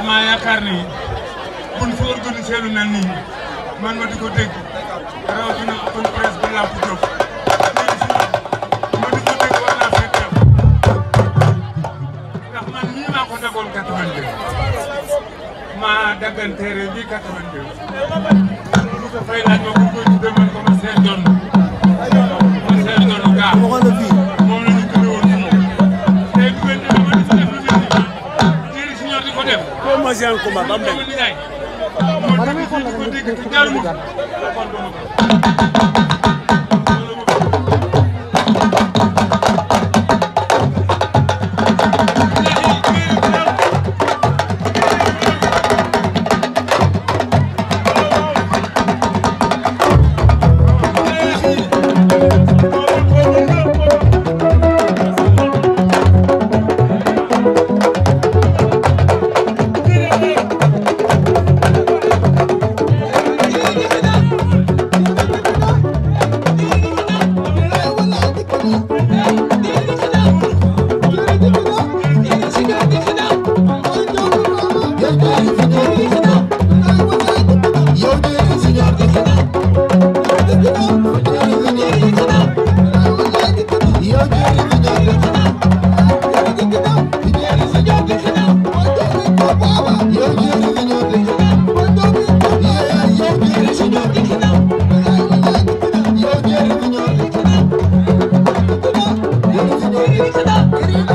am naa yaakaar ni buñ fi organisé lu mel nii man ma di ko dégg rawatina kon presse bu làmp jóg léegi si ma di dégg war naa fekk ndax man nii maa ko dagoon 82 maa daggan téere bi 82 lu ko ma si un combat ba mu demee. Get